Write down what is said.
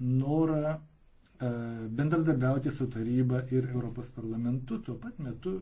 norą e, bendradarbiauti su taryba ir Europos parlamentu. Tuo pat metu